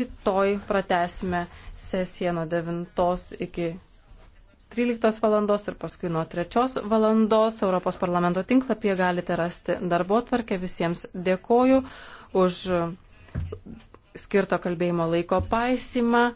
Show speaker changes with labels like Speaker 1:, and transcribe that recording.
Speaker 1: Rytoj pratesime sesiją nuo 9 iki 13 valandos ir paskui nuo 3 valandos Europos parlamento tinklapyje galite rasti darbo tvarkę. Visiems dėkoju už skirto kalbėjimo laiko paisimą.